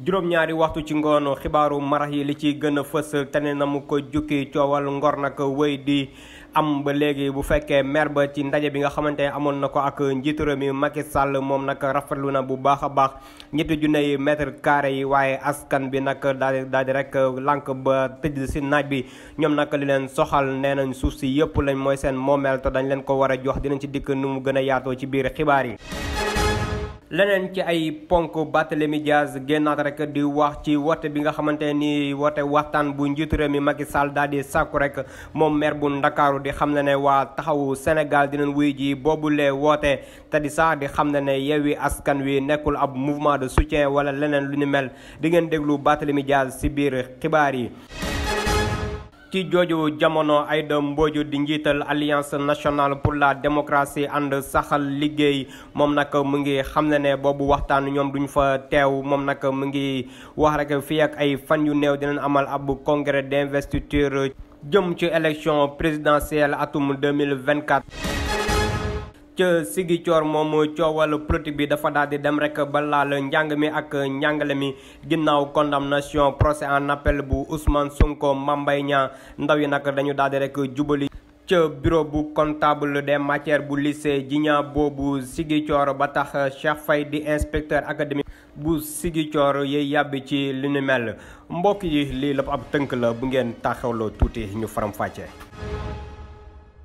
juróom-ñaari waxtu ci ngoonu xibaaru marax yi li ci gën a fës tane na mu ko jukki coowal ngor nag wéy di am ba léegi bu fekkee mer ba ci ndaje bi nga xamante ne amoon na ko ak njiitu réew mi Macky Sall moom nag rafetlu na bu baax a baax ñetti junne mètre carré yi waaye askan bi nag daal di daal di rek ba tëj si naaj bi ñoom naka li leen soxal nee nañ suuf si yëpp lañ mooy seen moomeel te dañ leen ko war a jox dinañ ci dikk nu mu gën a yaatoo ci biir xibaar yi. leneen ci ay ponk Barthélemy Dias génnaat rek di wax ci woote bi nga xamante ni woote waxtaan bu njiitu réew mi Macky sàkku rek moom maire bu Ndakaaru di xam na ne waa taxawu Sénégal dinañ wuy ji boobulee woote te di sax di xam ne ne Yewwi Askan Wi nekkul ab mouvement de soutien wala leneen lu ni mel di ngeen déglu Barthélemy Dias ci biir xibaar yi ci jooju jamono Aïda Mbodj di njiital alliance nationale pour la démocratie ànd saxal liggéey moom nag mu ngi xam ne ne boobu waxtaan ñoom duñ fa teew moom nag mu ngi wax rek fii ak ay fan yu néew dinañ amal ab congrès d'investiture jëm ci élection présidentielle atum 2024 ci sigi cior mom ciowal politique bi dafa daldi dem rek ba la le njang mi ak njangale mi ginnaw condamnation procès en appel bu Ousmane Sonko Mambay Nia ndaw yi nak dañu daldi rek djubali ci bureau bu comptable des matières bu lycée Jinya bobu sigi cior ba tax Cheikh Fay di inspecteur académique bu sigi cior ye yab ci li ni mel mbok yi li lepp ab teunk la bu ngeen taxawlo touti ñu faram faccé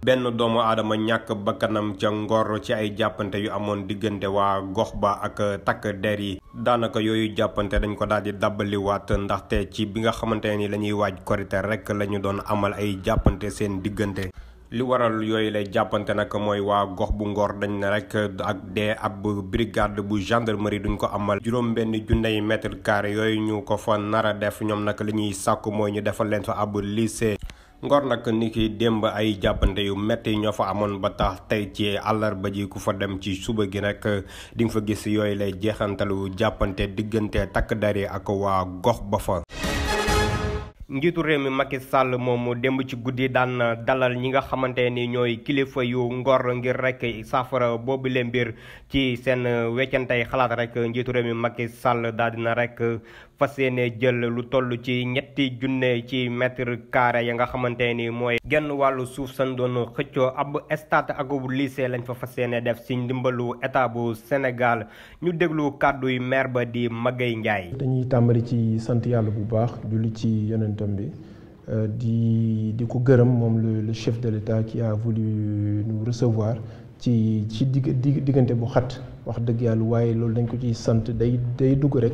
benn doomu aadama ñàkk bakkanam ca ngor ci ay jàppante yu amoon diggante waa gox ba ak takk der yi daanaka yooyu jàppante dañ ko daal di dabbaliwaat ndaxte ci bi nga xamante ni lañuy ñuy waaj korite rek la ñu doon amal ay jàppante seen diggante li waral yooyu lay jàppante nag mooy waa gox bu ngor dañ ne rek ak dee ab brigade bu gendarmerie duñ ko amal juróom benn junney mètre carré yooyu ñu ko fa nara def ñoom nag li ñuy sàkk mooy ñu defal leen fa ab lycée Ngor nag ni ki démb ay jàppante yu metti ñoo fa amoon ba tax tey ci àllarba ji ku fa dem ci suba gi nag di fa gis yooyu lay jeexantalu jàppante diggante takk dari ak waa gox ba fa. njiitu réew mi Macky Sall moomu démb ci guddi daan dalal ñi nga xamante ni ñooy kilifa yu ngor ngir rekk saafara boobu leen mbir ci seen weccantey xalaat rek njiitu réew mi Macky Sall daal dina rek fas yéene jël lu toll ci ñetti junne ci mètre carré ya nga xamante ni mooy genn wàllu suuf san doon xëccoo ab stade ak bu lycée lañ fa fas yéene def ci ndimbalu état bu senegal ñu déglu kàddu yi maire ba di Magaye Ndiaye. dañuy tàmbali ci sant yàlla bu baax julli ci yonentam bi euh, di di ko gërëm moom le chef de l'état qui a voulu nous recevoir ci ci diggante bu xat wax dëgg yàlla waaye loolu dañ ko ciy sant day day dugg rek.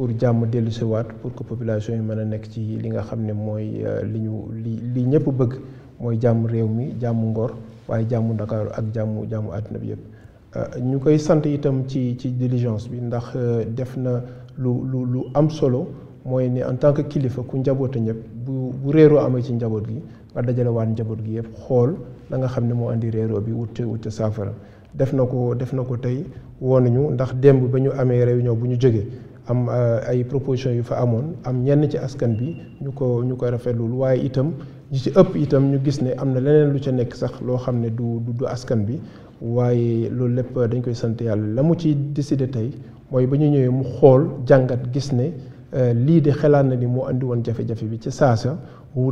pour jàmm dellu waat pour que population yi mën a nekk ci li nga xam ne mooy euh, li ñu li li ñëpp bëgg mooy jàmm réew mi jàmm ngor waaye jàmm ndakaaru ak jàmm jàmm àddina bi yëpp euh, ñu koy sant itam ci ci diligence bi ndax euh, def na lu lu am solo mooy ne en tant que kilifa ku njaboota ñëpp bu bu réeroo amee ci njaboot gi nga dajale waat njaboot gi yëpp xool la nga xam ne moo indi réeroo bi wut wut saafara def na ko def na ko tey woo nañu ndax démb ba ñu amee réunion bu ñu jógee am euh, ay propositions yu fa amone am ñenn ci askan bi ñu ko ñu koy rafetlul waaye itam ci ëpp itam ñu gis ne am na leneen lu ca nekk sax loo xam ne du du askan bi waaye loolu lépp dañ koy sant yàlla la mu ci décidé tey mooy ba ñu ñëwee mu xool jàngat gis ne euh, lii de xalaat na ni moo andi woon jafe-jafe bi ci saasa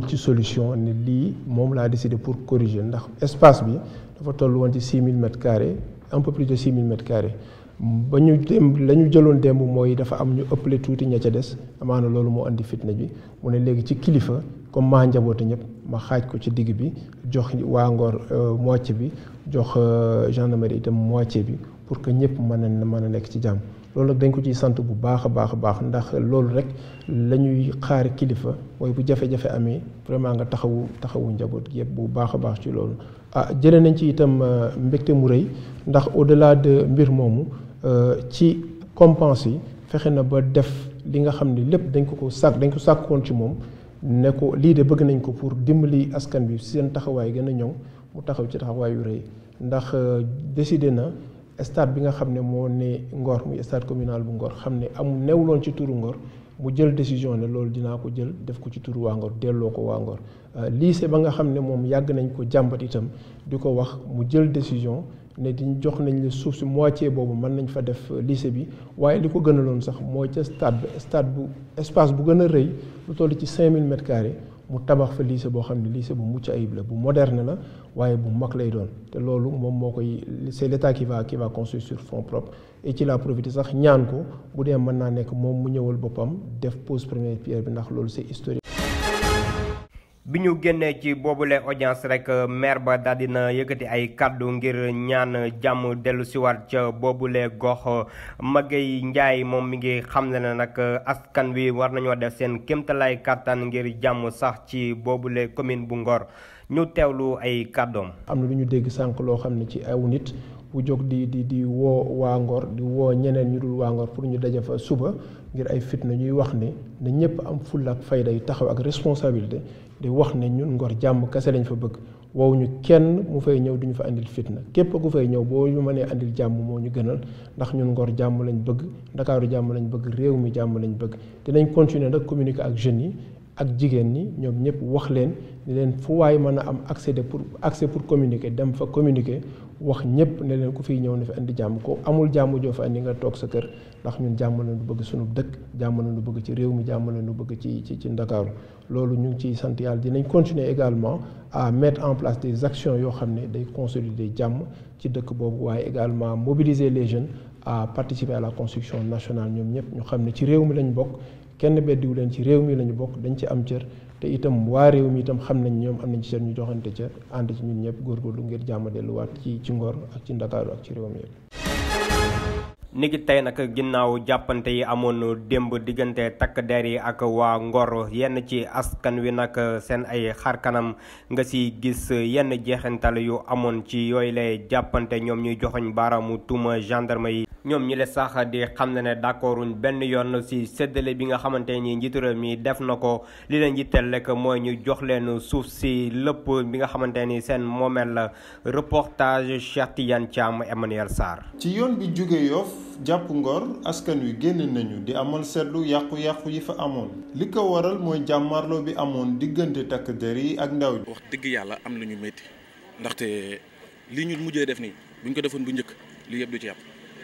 ci solution ne lii moom laa décidé pour corriger ndax espace bi dafa toll woon ci 6000 mètres carrés un peu plus de 6000 mètres carrés ba ñu démb la ñu jëloon démb mooy dafa am ñu ëppale tuuti ña ca des amaana loolu moo indi fitna bi mu ne léegi ci kilifa comme maa njaboote ñëpp ma xaaj ko ci digg bi jox waa Ngor euh, moitié bi jox euh, gendarmerie itam moitié bi pour que ñëpp mën a mën a nekk ci jàmm loolu nag dañ ko ciy sant bu baax a baax a baax ndax loolu rek la ñuy xaar kilifa mooy bu jafe-jafe amee vraiment nga taxawu taxawu njaboot yëpp bu baax a baax ci loolu. ah jëlee nañ ci itam euh, mbégte mu rëy ndax au-delà de mbir moomu. Euh, ci compense yi fexe na ba def li nga xam ne lépp dañ ko ko sàkk dañ ko sàkkoon ci moom ne ko lii de bëgg nañ ko pour dimbali askan bi seen taxawaay gën a ñoŋ mu taxaw ci taxawaay yu rëy ndax euh, décidé na stade bi nga xam ne moo ne Ngor muy stade communal bu Ngor xam ne amul newuloon ci turu Ngor mu jël décision ne loolu dinaa ko jël def ko ci turu waa Ngor delloo ko waa Ngor euh, lycée ba nga xam ne moom yàgg nañ ko jàmbat itam di ko wax mu jël décision ne diñ jox nañ le suuf si moitié boobu mën nañ fa def euh, lycée bi waaye li ko gënaloon sax mooy ca stade stade bu espace bu gën a rëy lu toll ci 5000 mètres carrés mu tabax fa lycée boo xam ne lycée bu mucc ayib la bu moderne la waaye bu mag lay doon te loolu moom moo koy c'est l'État qui va qui va construire sur fonds propres et ci la profité sax ñaan ko bu dee mën naa nekk moom mu ñëwal boppam def pose première pierre bi ndax loolu c'est historique bi ñu génnee ci boobule audience rek euh, maire ba daal dina yëkkati ay kàddu ngir ñaan jàmm dellu siwaat ca boobule gox Maguette Ndiaye moom mi ngi xam ne na nag euh, askan wi war nañoo def seen kéemtalaay kàttan ngir jàmm sax ci boobule commune bu Ngor ñu teewlu ay kàddoom. am na lu ñu dégg sànq loo xam ne ci aw nit bu jóg di di di woo waa Ngor di woo ñeneen ñu dul waa Ngor pour ñu daje fa suba. ngir ay fitna ñuy wax ne na ñëpp am fulla ak fayda yu taxaw ak responsabilité di wax ne ñun ngor jàmm kese lañ fa bëgg wow ñu kenn mu fay ñëw duñu fa andil fitna képp ku fay ñëw boo ñu mënee indil jàmm moo ñu gënal ndax ñun ngor jàmm lañ bëgg ndakaaru jàmm lañu bëgg réew mi jàmm lañ bëgg dinañ continuer nag communiquer ak jeunes yi ak jigéen ñi ñoom ñëpp wax leen ni leen fu waay mën a am accès de pour accès pour communiquer dem fa communiquer wax ñëpp ne leen ku fiy ñëw ne fi andi jàmm ko amul jàmm joo fa andi nga toog sa kër ndax ñun jàmm la ñu bëgg sunu dëkk jàmm la ñu bëgg ci réew mi jàmm la ñu bëgg ci ci ci Ndakaaru loolu ñu ngi ciy sant yàlla dinañ continuer également à mettre en place des actions yoo xam ne day consolider jàmm ci dëkk boobu waaye également mobiliser les jeunes à participer à la construction nationale ñoom ñëpp ñu xam ne ci réew mi lañ bokk kenn beddiwu leen ci réew mi lañu bokk dañ ci am cër te itam wa rew mi itam xam nañ ñoom am nañ ci seen ñu joxante ca ànd ci ñun ñëpp góor góorlu ngir jàmmadellu waat ci ci ngor ak ci ndakaar ak ci rew mi yëpp tay nak ginnaw jappante yi amone demb digante tak der yi ak wa ngor yenn ci askan wi nak sen ay xar kanam nga ci gis yenn jeexental yu amone ci yoy lay jappante ñom ñuy joxagn baramu tuma gendarme ñoom ñi le sax di xam ne ne d'accorduñ benn yoon si séddale bi nga xamante nii njiitu yi def na ko li leen jiital rek mooy ñu jox leen suuf si lépp bi nga xamante ni seen moomeel la reportage Cheikh Tidiane am Emmanuel Sarr. ci yoon bi jóge Yoff jàpp Ngor askan wi génn nañu di amal seetlu yàqu-yàqu yi fa amoon li ko waral mooy jàmmarloo bi amoon diggante takk der yi ak ndaw yi. wax dëgg yàlla am nañu métti ndaxte li ñu mujjee def nii buñ ko defoon bu njëkk li yëpp du ci yàpp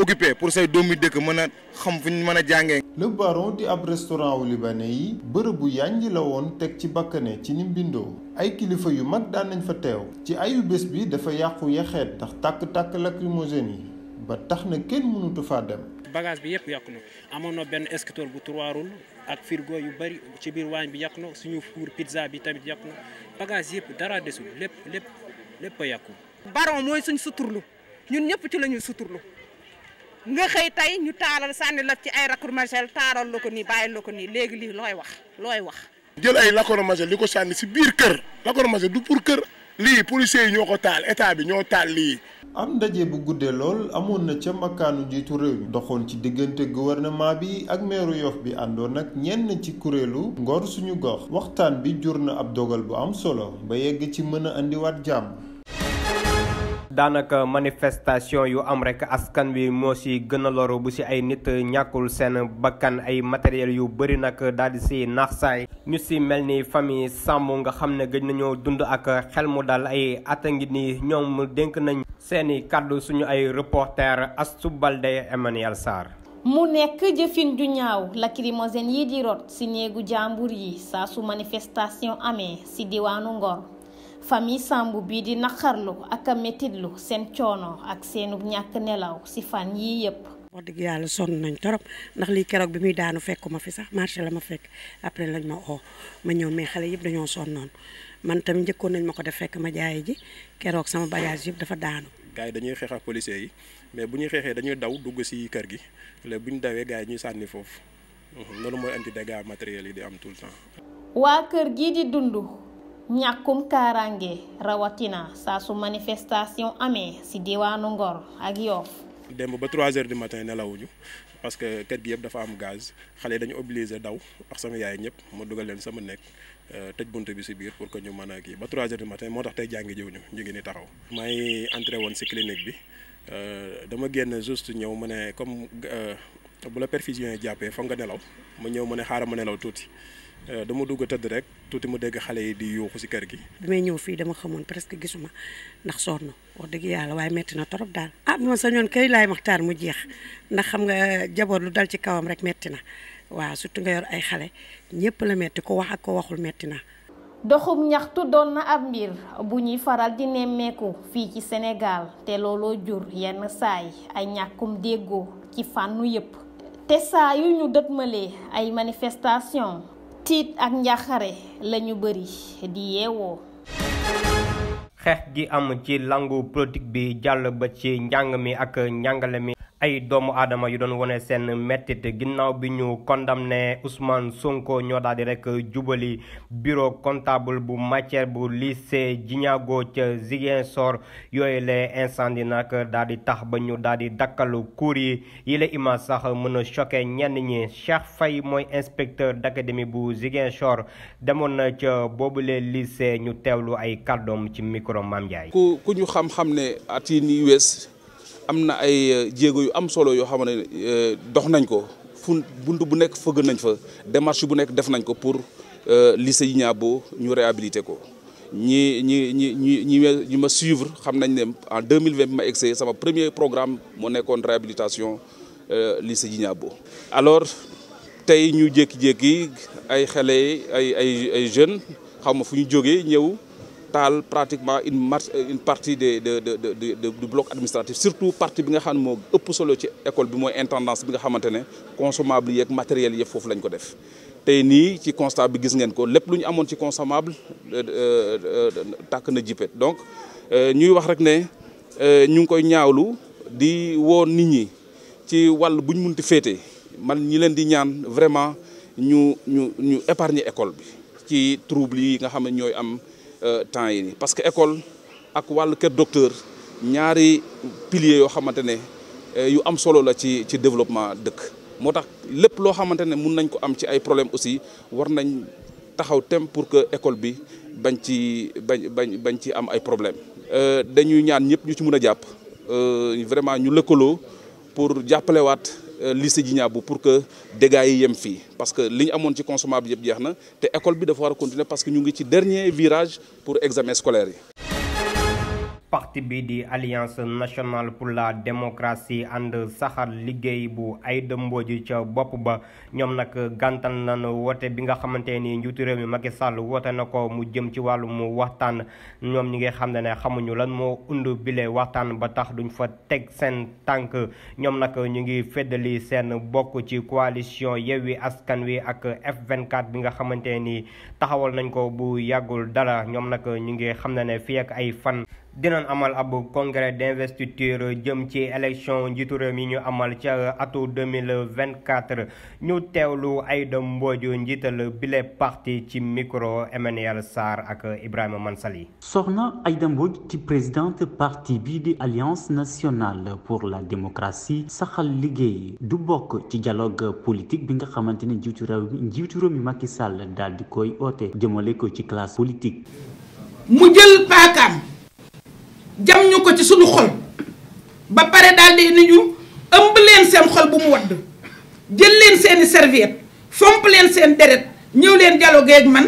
occupé pour say doomi dëkk mën a xam fu mën a jàngee. Le Baron di ab restaurant wu yi bërëb bu yànji la woon teg ci bakkane ci ni mbindoo ay kilifa yu mag daan nañ fa teew ci ayu bés bi dafa yàqu yaxeet ndax tàkk-tàkk lacrymogène yi ba tax na kenn mënutu faa dem. bagage bi yëpp yàqu na amoon na benn escritoire bu trois ak firgo yu bëri ci biir waañ bi yàqu na suñu fuur pizza bi tamit yàqu na bagage yëpp dara desul lépp lépp lépp yàqu. Baron mooy suñ suturlu ñun ñëpp ci la ñuy nga xëy tey ñu taaral sànni la ci ay lacrymogène taaral la ko nii bàyyi la ko nii léegi lii looy wax looy wax. jël ay lacrymogène li ko sànni si biir kër lacrymogène du pour kër. lii policiers yi ñoo ko taal état bi ñoo taal lii. am ndaje bu guddee lool amoon na ca makkaanu jiitu réew mi doxoon ci diggante gouvernement bi ak meeru Yoff bi àndoon ak ñenn ci kuréelu ngor suñu gox waxtaan bi jur na ab dogal bu am solo ba yegg ci mën a andiwaat jàmm. daanaka manifestation yu am rek askan wi moo si gën a loru bu si ay nit ñàkkul seen bakkan ay matériel yu bëri nak daal di si naax saay ñu si mel ni famille sàmm nga xam ne gëj nañoo dund ak xel mu dal ay at a ngi nii ñoom dénk nañ seeni kàddu suñu ay reporter Astou Baldé Emmanuel Sarr mu nekk jëfin ju ñaaw lacrymogène yi di rot si néegu jàmbur yi saa su manifestation amee si diwaanu Ngor famille Sambou bi di naqarlu ak a métitlu seen coono ak seenu ñàkk nelaw si fan yii yëpp. wax dëgg yàlla sonn nañ torop ndax lii keroog bi muy daanu fekkuma fi sax marché la ma fekk après lañ ma oo ma ñëw mais xale yëpp dañoo sonnoon man tamit njëkkoon nañ ma ko def fekk ma jaaye ji keroog sama bagage yëpp dafa daanu. gars dañuy xeex ak policiers yi mais bu ñuy xeexee dañuy daw dugg si kër gi léegi bu ñu dawee gars yi ñuy sànni foofu mhm, loolu mooy andi dégâts matériels yi di am tout ñàkkum kaaraange rawatina saa su manifestation amee ci diwaanu Ngor ak Yoff démb ba 3 heures du matin nelawuñu parce que kër gi yëpp dafa am gaz xale yi dañu obligé daw ak sama yaay ñëpp ma dugal leen sama nekk euh, tëj bunt bi si biir pour que ñu mën a kii ba 3 heures du matin moo tax tey jàngi jiw ñu ñu ni taxaw. maa ngi entré woon si clinique bi euh, dama génn juste ñëw ma ne comme euh, bu la perfusion yi jàppee foog nga nelaw ma ñëw ma ne xaaral ma nelaw tuuti. Euh, dama dugg tëdd rek tuuti mu dégg xale yi di yuuxu si kër gi. bi may ñëw fii dama xamoon presque gisuma ndax sonn wax dëgg yàlla waaye metti na torop daal. ah bi sa sañoon kay laay maxtaar mu jeex ndax xam nga jaboot lu dal ci kawam rek metti na waaw surtout nga yor ay xale ñëpp la metti ko wax ak ko waxul metti na. doxum ñaxtu doon na ab mbir bu ñuy faral di nemmeeku fii ci Sénégal te looloo jur yenn saay ay ñàkkum déggoo ci fànnu yépp te saa yu tit ak njaxare lañu bari di yeewoo xeex gi am ci langu politique bi jàll ba ci njàng mi ak njàngale ay doomu aadama yu doon wone seen mettit ginnaaw bi ñu condamné Ousmane Sonko ñoo daal di rek jubali bureau comptable bu matière bu lycée Djignabo ca Ziguinchor yooyu les incendie nag daal di tax ba ñu daal di dakkalu cours yi yi la image sax mën a choqué ñenn ñi Cheikh fay mooy inspecteur d'académie bu Ziguinchor demoon na ca boobule lycée ñu teewlu ay kàddoom ci micro Mame yi amna ay euh, jéego yu am solo yo xam ne euh, dox nañ ko fu bunt bu nek fëgg nañ fa démarche bu nek def nañ ko pour euh, lycée Djignabo ñu réhabiliter ko ñi ñi ñi ñi ñi ma ma suivre xam nañ ne en 2020 ma egsee sama premier programme mo nekkoon réhabilitation lycée Djignabo alors tay ñu jékki-jékki ay xalé ay ay ay jeunes xaw fuñu joggé ñew taal pratiquement une marche euh, une partie des de de de de, du bloc administratif surtout partie bi nga xam ne moo ëpp solo ci école bi mooy intendance bi nga xamante ne consommable matériel yeeg foofu lañ ko def. tey nii ci constat bi gis ngeen ko lépp lu ñu amoon ci consommable euh, euh, tàkk na jippet donc ñuy wax rek ne ñu ngi koy ñaawlu di wo nit ñi ci walu buñ ñu fété man ñi leen di ñaan vraiment ñu ñu ñu épargner école bi ci trouble yi nga xamné ñoy am. Euh, temps yi parce que école ak walu ker docteur ñaari pilier yo xamantene euh, yu am solo la ci ci développement dekk motax lepp lo xamantene mën nañ ko am ci ay problème aussi war nañ taxaw tem pour que école bi bañ ci bañ bañ ci am ay problème euh dañuy ñaan ñepp ñu ci mëna japp euh vraiment ñu lekkolo pour jappelé wat Euh, lycée d'Ignabou pour que dégâts gars yem fii parce que les ñu ci consommable yëpp jeex doit école continuer parce que ñu ngi ci dernier virage pour examen scolaire parti bi di alliance nationale pour la démocratie ànd saxar liggéey bu Aïda Mbodj ca bopp ba ñoom nag gàntal nañu woote bi nga xamante ni njiitu réew mi Macky Sall woote na ko mu jëm ci wàllu mu waxtaan ñoom ñi nga xam ne xamuñu lan moo undu bile waxtaan ba tax duñ fa teg seen tànk ñoom nag ñu ngi feddali seen bokk ci coalition Yewwi Askan Wi ak F24 bi nga xamante ni taxawal nañ ko bu yàggul dara ñoom nag ñu ngi xam ne ne fii ak dinañ amal ab congrès d'investiture jëm élection mi ñu amal 2024 ñu parti ci micro Mansali. présidente parti alliance nationale pour la démocratie saxal liggéey du bokk dialogue politique bi nga xamante ne njiitu mi mi classe politique. jam ñu ko ci suñu xol ba pare daal di ni ñu ëmb leen seen xol bu mu wadd jël leen seeni serviette fomp leen seen deret ñëw leen dialogue ak man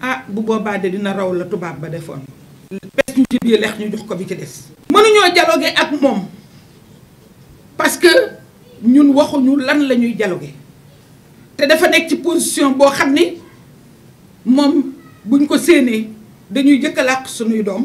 ah bu boobaa dina raw la tubaab ba defoon pes ñu ci ñu ko bi ci des mënuñoo dialogue ak moom parce que ñun waxuñu lan la ñuy dialogue te dafa nekk ci position boo xam ni moom buñ ko séenee dañuy jëkkalàq suñuy doom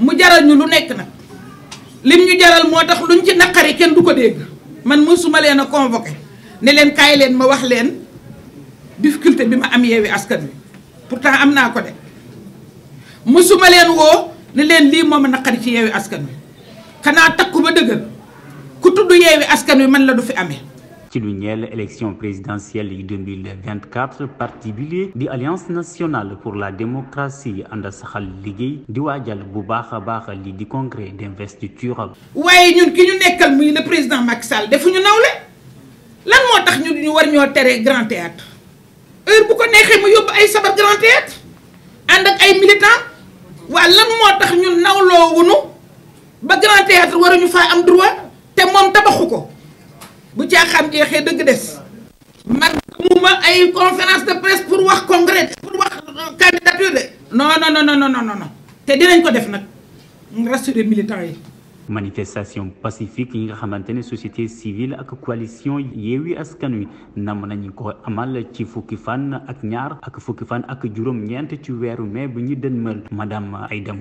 mu jaral ñu lu nekk nag lim ñu jaral moo tax luñ ci naqari kenn du ko dégg man mësuma leen a convoqué ne leen kaay leen ma wax leen difficulté bi ma am yeewi askan wi pourtant am naa ko de mësuma leen woo ne leen lii moom a naqari ci yeewi askan wi xanaa takku ba dëggal ku tudd yeewi askan wi man la du fi amee ci élection présidentielle 2024 parti bilier di nationale pour la démocratie ànd di bu congrès d'investiture waaye ñun ki ñu nekkal le président Macky Sall defuñu nawle lan moo tax ñu war ñoo grand théâtre heure bu ko mu ay sabar grand théâtre ak ay militant waa lan nous tax ñun grand théâtre waruñu faa am droit bu caaxaan jeexee dëgg des mu amuma ay conférence de presse pour wax congrès pour wax candidature de non non non non non non te dinañ ko def nag rassurer militants yi manifestation pacifique yi nga maintenu société civile ak coalition yéwi Askan nam amal ci fukki ak ñaar ak fukki ak madame aydam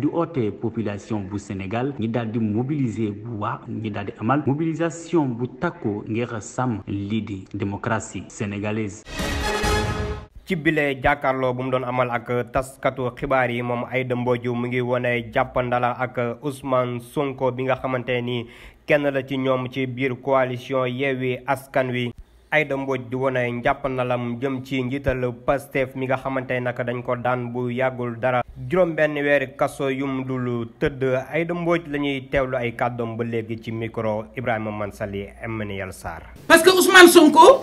di population bu Sénégal ñi daal mobiliser bu amal mobilisation bu ngir démocratie sénégalaise ci bile jakarlo bu mu amal ak taskatu xibaar yi moom ay dëmbooju mu ngi wone jàppandala ak ousmane sonko bi nga xamante ni kenn la ci ñoom ci biir coalition yewi askan wi ay dëmbooj di wone njàppandalam jëm ci njiital pastef mi nga xamante nak dañ ko daan bu yàggul dara juróom benn weer kaso yum dul tëdd ay dëmbooj la ñuy teewlu ay kàddoom ba léegi ci micro ibrahima mansali emmanuel sar parce que ousmane sonko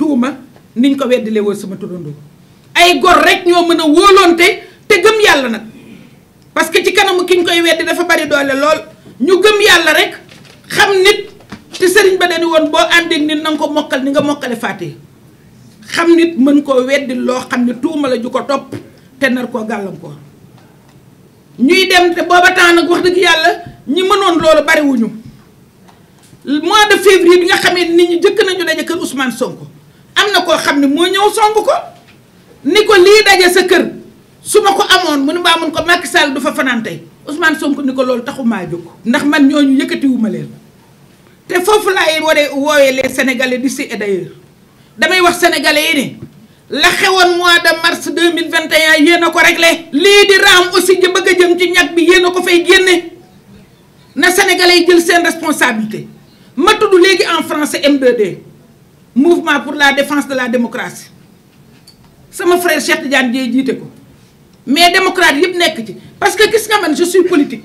tuuma niñ ko weddelee woon sama tudandoo ay gor rek ñoo mën a wóolonte te gëm yàlla nak. parce que ci kanamu kiñ koy weddi dafa bari doole lool ñu gëm yàlla rek xam nit te sëriñ ba dañu woon boo àndeeg nit na nga ko mokkal ni nga mokkale faate xam nit mën koo weddi loo xam tuuma la ju ko topp te nar koo gàllankoor ñuy dem te booba temps nag wax dëgg yàlla ñi mënoon loolu bariwuñu mois de février bi nga xamee nit ñi jëkk nañu daje kër Ousmane Sonko am na koo xam ne moo ñëw song ko ni ko lii daje sa kër su ma ko amoon mu ne mbaa mun ko Macky Sall du fa fanaante tey Ousmane Sonko ni ko loolu taxu maa jóg ndax man ñooñu yëkkatiwuma leen te foofu laay waree woowee les sénégalais d'ici et d'ailleurs damay wax sénégalais yi ne la xewoon mois de mars 2021 yéen a ko réglé lii di raam aussi bëgg a jën ci ñag bi yéen a ko fay génne na sénégalais yi jël seen responsabilité ma tudd léegi en français m mouvement pour la défense de la démocratie C'est mon frère Cheikh Tidiane qui l'a mais démocrate parce que je suis politique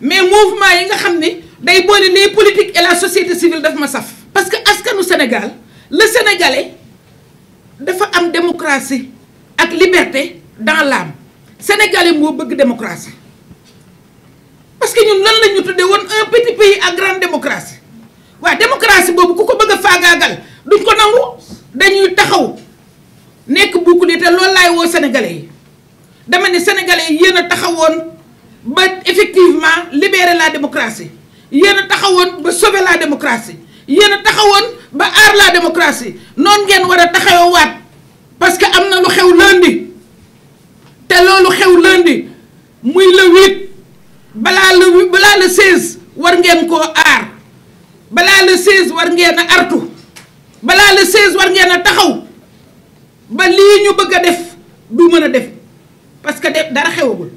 mais mouvement yi nga les politiques et la société civile daf ma parce que au Sénégal le sénégalais dafa une démocratie ak liberté dans l'âme sénégalais veut une démocratie parce que nous, lan un petit pays à grande démocratie La démocratie si vous voulez bëgg duñ ko nangu dañuy taxaw nekk bouclier te loolu laay woo sénégalais yi dama ne sénégalais yi yéen a taxawoon ba effectivement libérer la démocratie yéen a taxawoon ba sauver la démocratie yéen a taxawoon ba aar la démocratie noonu ngeen war a taxawaat parce que am na lu xew lundi te loolu xew lundi muy le balaa le balaa le seize war ngeen koo aar balaa le seize war ngeen a artu balaa le 16 war ngeen a taxaw ba lii ñu bëgg a def du mën a def parce que dara xewagul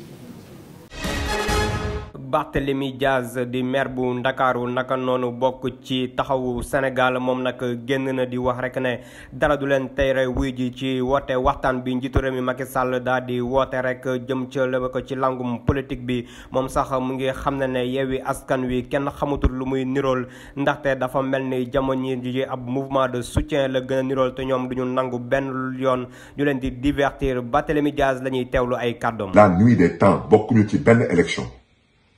Barthélemy Diaz di merbu Dakaru naka noonu bokk ci taxawu Sénégal mom nak genn na di wax rek ne dara du leen tey wuy ji ci wote waxtaan bi njitu réew mi Macky Sall da di wote rek jëm ci lebe ci langum politique bi mom sax mu ngi ne yewi Askan Wi kenn xamatul lu muy ndax ndaxte dafa mel ni jamono ji ab mouvement de soutien le gën nirol nirool te ñoom duñu nangu benn yoon ñu len di divertir Barthélemy Diaz la ñuy teewlu ay kàddoom. la nuit des temps ñu ci ben élection.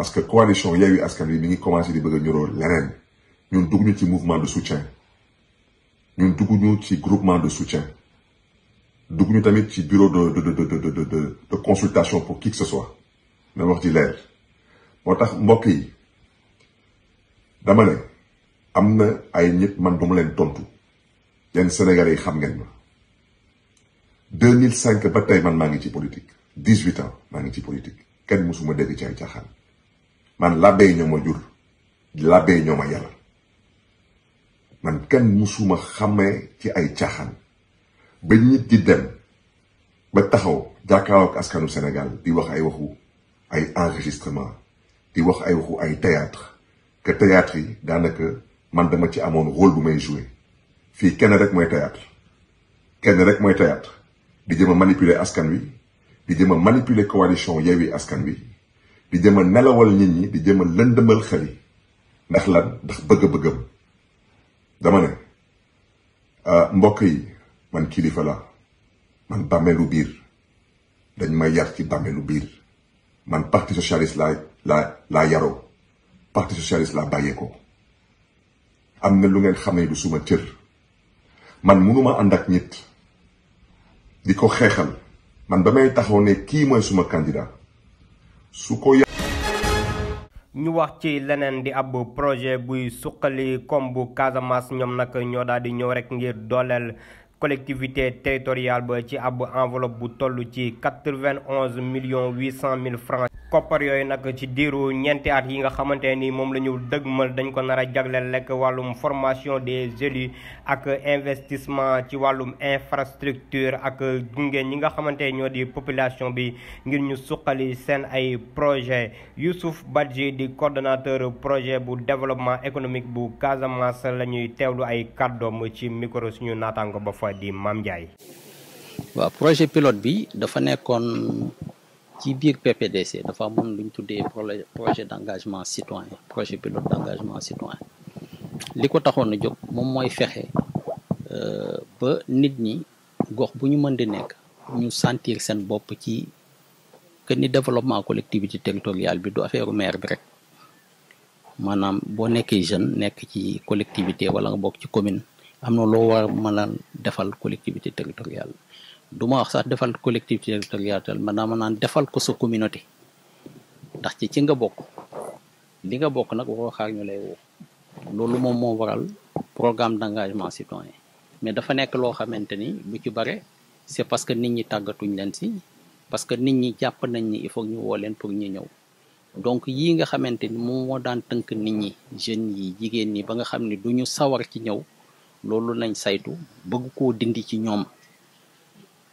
parce que coalition y Askan eu commencé di Nous mouvement de soutien Nous sommes groupement de soutien Nous bureau de de de de de de consultation pour qui que ce soit Mais je dis l'air. D'abord, je yi dama que ay man tontu Sénégalais xam 2005 ba man ci politique 18 ans maa ci politique kenn musuma dégg ci ay man suis ñoma jur labbe ñoma yalla man kenn musuma xamé ci ay tiaxan ba nit di dem ba taxaw askanu Sénégal di wax ay waxu ay enregistrement di wax ay waxu ay théâtre que théâtre yi man dama ci rôle bu joué fi kenn rek théâtre kenn rek théâtre di manipuler askan coalition di jëm nelawal nit ñi di jëm a lëndëmal xel yi ndax lan ndax bëgg-bëggam dama ne ah, mbokk yi man kilifa la man bàmmeelu biir dañ may yar ci bàmmeelu biir man parti socialiste laa laa laa yaroo parti socialiste laa bàyyeekoo am na lu ngeen xam ne du suma cër man mënuma ànd ak nit di ko xeexal man ba may taxaw ne kii mooy suma candidat su ñu wax ci leneen di ab projet buy suqali koom bu Casamance ñoom nag ñoo daal di ñëw rek ngir dooleel collectivité territoriale ba ci ab enveloppe bu toll ci quatre-vingt-onze millions huit cent koppar yooyu nag ci diiru ñeenti at yi nga xamante ni moom la ñu dëgmal dañ ko nar a jagleel rek wàllum formation des élus ak investissement ci wàllum infrastructure ak gungeen ñi nga xamante ñoo di population bi ngir ñu suqali seen ay projet Youssouf Badji di coordonnateur projet bu développement économique bu Casamance la ñuy teewlu ay kàddoom ci micro suñu naataango ba fa di maam Ndiaye. waaw projet pilote bi dafa nekkoon. ci biir PPDC dafa amoon lu ñu tuddee projet d' engagement citoyen projet pilote d' engagement citoyen li ko taxoon a jóg moom mooy fexe euh, ba nit ñi gox bu ñu mën di nekk ñu sentir seen bopp ci que ni développement collectivité territoriale bi du affaire maire bi rek maanaam boo nekkee jeune nekk ci collectivité wala nga bokk ci commune am na loo war a mën a defal collectivité territoriale du ma wax sax defal collectivité territoriale maanaam ma naan defal ko sa communauté ndax ci ci nga bokk li nga bokk nag waroo xaar ñu lay woo loolu moom moo waral programme d' engagement citoyen mais dafa nekk loo xamante ni bu ci bare c' parce que nit ñi tàggatuñ leen si parce que nit ñi jàpp nañ ni il faut ñu woo leen pour ñu ñëw donc yii nga xamante ni moom moo daan tënk nit ñi jeunes yi jigéen ñi ba nga xam ni du ñu sawar ci ñëw loolu lañ saytu bëgg koo dindi ci ñoom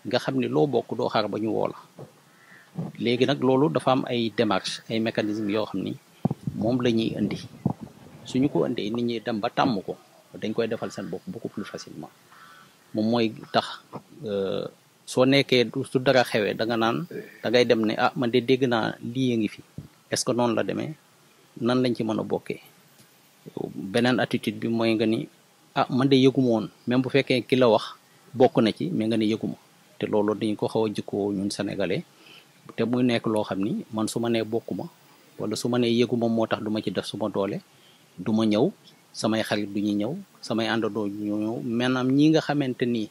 nga xam ne loo bokk doo xaar ba ñu woola léegi nag loolu dafa am ay démarche ay mécanisme yoo xam ni moom la ñuy indi suñu ko indee nit ñi dem ba tàmm ko dañ koy defal seen bopp beaucoup plus facilement moom mooy tax euh, soo nekkee su dara xewee da nga naan da ngay dem ne ah man de dégg naa lii a ngi fi est-ce que noonu la demee nan lañ ci mën a bokkee beneen attitude bi mooy nga ni ah man de yëguma woon même bu fekkee ki wax bokk na ci mais nga ne yëguma te loolu dañ ko xaw a jikkoo ñun sénégalais te muy nekk loo xam ni man su ma nee bokkuma wala su ma nee yëguma moo tax du ma ci def suma doole duma ma ñëw samay xarit du ñu ñëw samay àndadoo du ñu ñëw maanaam ñi nga xamante ni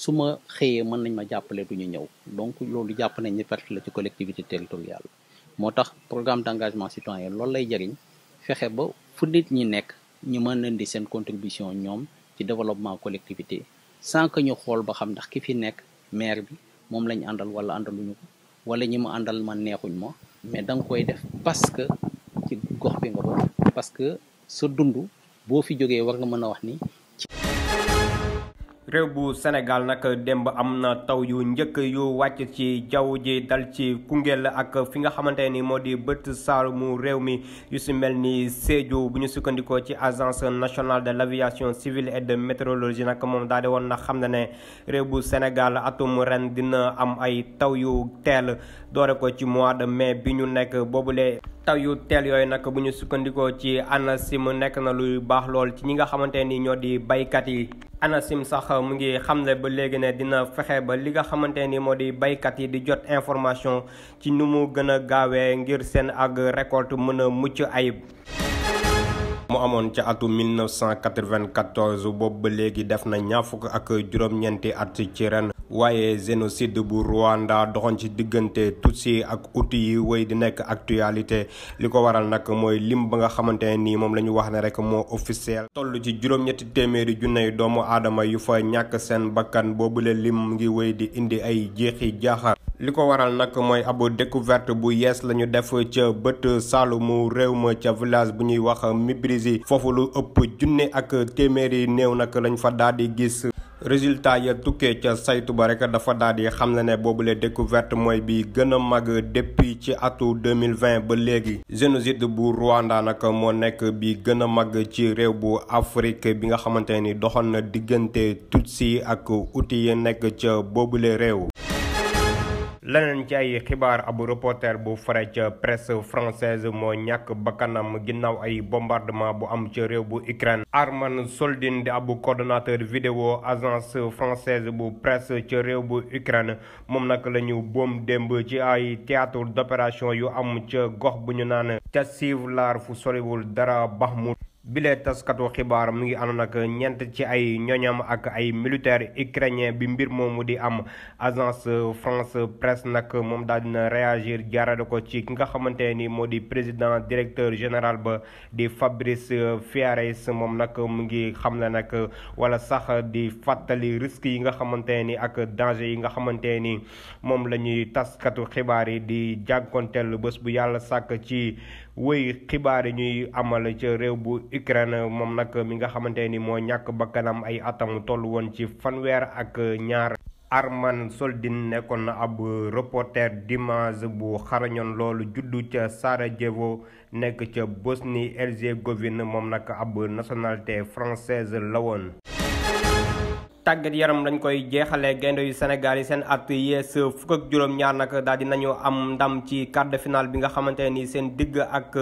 su ma xëyee mën nañ ma jàppale du ñu ñëw donc loolu jàpp nañ ni perte la ci collectivité territoriale moo tax programme d' engagement citoyen loolu lay jariñ fexe ba fu nit ñi nekk ñu mën a seen contribution ñoom ci développement collectivité sans que ñu xool ba xam ndax ki fi nekk maire bi moom lañ àndal wala àndaluñu ko wala ñi ma àndal man neexuñ ma mais danga koy def parce que ci gox bi nga bokk parce que sa dund boo fi jógee war nga mën a wax ni réew bu Sénégal nag démb am na taw yu njëkk yu wàcc ci jaww ji dal ci Koungheul ak fi nga xamante ni moo di bët mu réew mi yu si mel ni Sédhiou bu ñu sukkandikoo ci agence nationale de l' aviation civile et de météorologie nag moom daal woon na xam ne ne réew bu Sénégal atum ren dina am ay taw yu teel doore ko ci mois de mais bi ñu nekk boobulee taw yu tel yooyu nag bu ñu sukkandikoo ci ANACIM nekk na lu baax lool ci ñi nga xamante ni ñoo di baykat yi ANACIM sax mu ngi xam ba léegi ne dina fexe ba li nga xamante ni moo di baykat yi di jot information ci nu mu gën ngir seen ag récolte mën a mucc ayib. mu amoon ca atum 1994 boobu ba léegi def na ñaar fukk ak juróom at ci ren waaye génocide bu Rwanda doxan ci diggante Tutsi ak Hutu yi wéy di nekk actualité li ko waral nag mooy lim ba nga xamante ne nii moom la ñu wax ne rek moo officiel toll ci juróom-ñetti téeméeri junney doomu aadama yu fa ñàkk seen bakkan boobu boobule lim ngi wéy di indi ay jeexi jaaxal li ko waral nag mooy ab découverte bu yees la ñu def ca bët saalumu réew ma ca village bu ñuy wax Mibirizi foofu lu ëpp junne ak téeméeri néew nag lañ fa daal di gis. résultat ya tukkee ca saytu ba rek dafa daal di xam ne ne boobule découverte mooy bi gën a mag depuis ci atu 2020 ba léegi génocide bu Rwanda nag moo nekk bi gën a mag ci réew bu Afrique bi nga xamante ni doxoon na diggante Tutsi ak Hutu yi nekk ca boobule réew leneen ci ay xibaar ab reporter bu fare ca presse française moo ñàkk bakkanam ginnaaw ay bombardement bu am ca réew bu Ukraine Arman Soldin di ab coordonnateur vidéo agence française bu presse ca réew bu Ukraine moom nag la ñu boom démb ci ay théâtre d'opération yu am ca gox bu ñu naan ca Sivlar fu soriwul dara Bakhmout bile taskatu xibaar mu ngi àndoon ak ñeent ci ay ñoñam ak ay militaire ukrainien bi mbir moomu di am agence France Presse nag moom daal dina réagir jaarale ko ci ki nga xamante ni moo di président directeur général ba di Fabrice Fiares moom nag mu ngi xam ne nag wala sax di fàttali risques yi nga xamante ni ak danger yi nga xamante ni moom la ñuy taskatu xibaar yi di jànkonteel bés bu yàlla sàkk ci wëy xibaar ñuy amal ca réew bu ukraine moom nag mi nga xamante ni moo ñàkk ba kanam ay atam toll woon ci fanweer ak ñaar arman soldin nekkoon na ab reporter dimage bu xarañoon loolu judd ca sarajevo nekk ca bosnie herzegovine moom nag ab nationalité française la tàggat yaram lañ koy jeexalee gendo yu sénégal yi seen at yees fukk ak juróom ñaar nag daal di am ndam ci quart de final bi nga xamante sen seen digg ak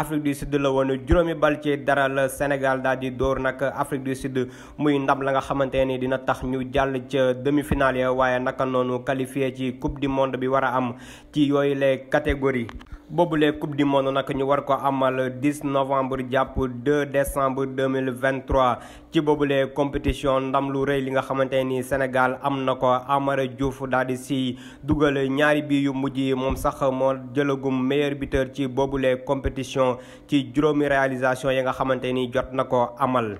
afrique du sud la woon juróomi bal ci daral sénégal daal di door nag afrique du sud muy ndam la nga xamante ni dina tax ñu jàll ci demi final ya waaye nak noonu qualifié ci coupe du monde bi war am ci yooyu les catégories boobu les coupe du monde nag ñu war ko amal 10 novembre jàpp 2 décembre 2023 ci boobule compétition ndam lu rëy li nga xamante ni Sénégal am na ko Amara Diouf daal di si dugal ñaari bi yu mujj moom sax moo jëlagum meilleur buteur ci boobule compétition ci juróomi réalisation yi nga xamante ni jot na amal.